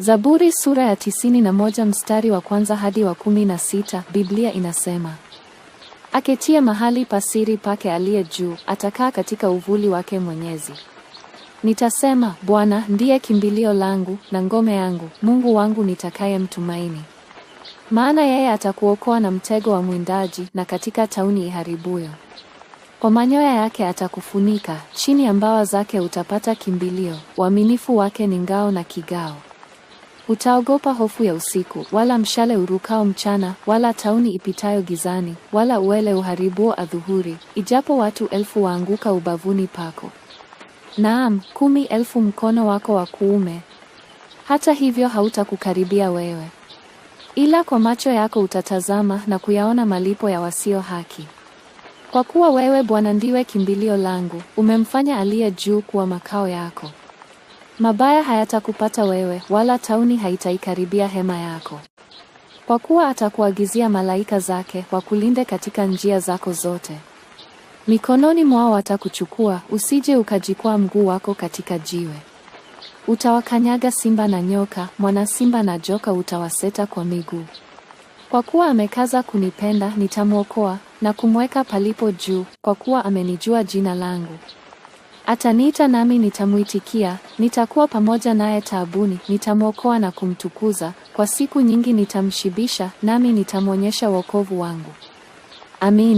Zaburi sura ya tisini na moja mstari wa kwanza hadi wa kumi na sita Biblia inasema aketie mahali pasiri pake aliye juu, atakaa katika uvuli wake Mwenyezi. Nitasema, Bwana ndiye kimbilio langu na ngome yangu, Mungu wangu nitakayemtumaini. Maana yeye atakuokoa na mtego wa mwindaji na katika tauni iharibuyo. Kwa manyoya yake atakufunika, chini ya mbawa zake utapata kimbilio. Uaminifu wake ni ngao na kigao. Utaogopa hofu ya usiku, wala mshale urukao mchana, wala tauni ipitayo gizani, wala uwele uharibuo adhuhuri, ijapo watu elfu waanguka ubavuni pako, naam kumi elfu mkono wako wa kuume; hata hivyo hautakukaribia wewe. Ila kwa macho yako utatazama na kuyaona malipo ya wasio haki. Kwa kuwa wewe Bwana ndiwe kimbilio langu, umemfanya aliye juu kuwa makao yako. Mabaya hayatakupata wewe, wala tauni haitaikaribia hema yako, kwa kuwa atakuagizia malaika zake wakulinde katika njia zako zote. Mikononi mwao watakuchukua, usije ukajikwaa mguu wako katika jiwe. Utawakanyaga simba na nyoka, mwana simba na joka utawaseta kwa miguu. Kwa kuwa amekaza kunipenda, nitamwokoa na kumweka palipo juu, kwa kuwa amenijua jina langu. Ataniita nami nitamuitikia, nitakuwa pamoja naye taabuni, nitamwokoa na kumtukuza, kwa siku nyingi nitamshibisha, nami nitamwonyesha wokovu wangu. Amina.